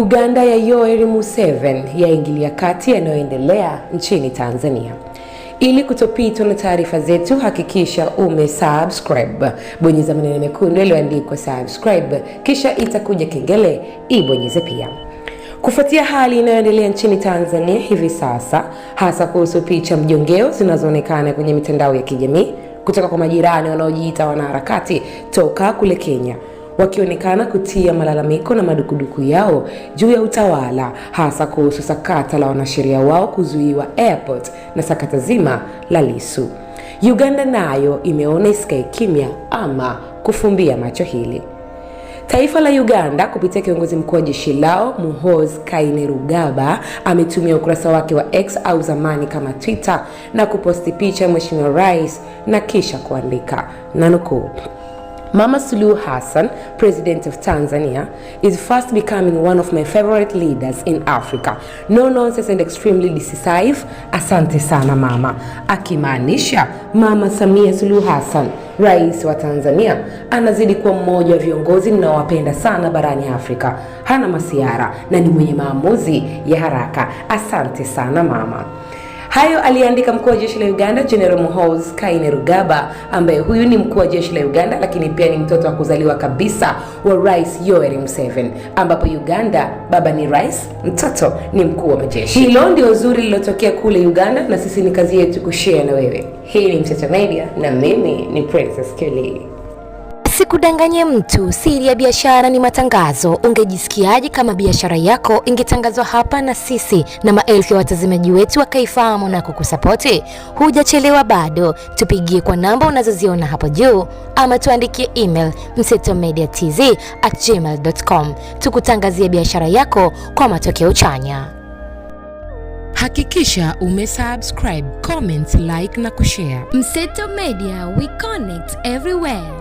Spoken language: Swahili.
Uganda ya Yoweri Museveni yaingilia kati yanayoendelea nchini Tanzania. Ili kutopitwa na taarifa zetu, hakikisha ume subscribe, bonyeza maneno mekundu yaliyoandikwa subscribe, kisha itakuja kengele, ibonyeze pia. Kufuatia hali inayoendelea nchini Tanzania hivi sasa, hasa kuhusu picha mjongeo zinazoonekana kwenye mitandao ya kijamii kutoka kwa majirani wanaojiita wanaharakati toka kule Kenya, wakionekana kutia malalamiko na madukuduku yao juu ya utawala, hasa kuhusu sakata la wanasheria wao kuzuiwa airport na sakata zima la Lissu. Uganda nayo imeona isikae kimya ama kufumbia macho hili. Taifa la Uganda kupitia kiongozi mkuu wa jeshi lao Muhoozi Kainerugaba ametumia ukurasa wake wa X au zamani kama Twitter na kuposti picha ya Mheshimiwa Rais na kisha kuandika nukuu Mama Suluhu Hassan, President of Tanzania, is fast becoming one of my favorite leaders in Africa. No nonsense and extremely decisive. Asante sana mama. Akimaanisha Mama Samia Suluhu Hassan, Rais wa Tanzania, anazidi kuwa mmoja wa viongozi ninaowapenda sana barani Afrika. Hana masiara na ni mwenye maamuzi ya haraka. Asante sana mama. Hayo aliandika mkuu wa jeshi la Uganda General Muhoozi Kainerugaba, ambaye huyu ni mkuu wa jeshi la Uganda, lakini pia ni mtoto wa kuzaliwa kabisa wa Rais Yoweri Museveni, ambapo Uganda baba ni rais, mtoto ni mkuu wa majeshi. Hilo ndio zuri lilotokea kule Uganda, na sisi ni kazi yetu kushare na wewe. Hii ni Mseto Media na mimi ni Princess Kelly kudanganya mtu, siri ya biashara ni matangazo. Ungejisikiaje kama biashara yako ingetangazwa hapa na sisi na maelfu ya watazamaji wetu wakaifahamu na kukusapoti? Hujachelewa bado, tupigie kwa namba unazoziona hapo juu ama tuandikie email msetomediatz@gmail.com tukutangazie biashara yako kwa matokeo chanya. Hakikisha umesubscribe, comment, like na kushare. Mseto Media, we connect everywhere.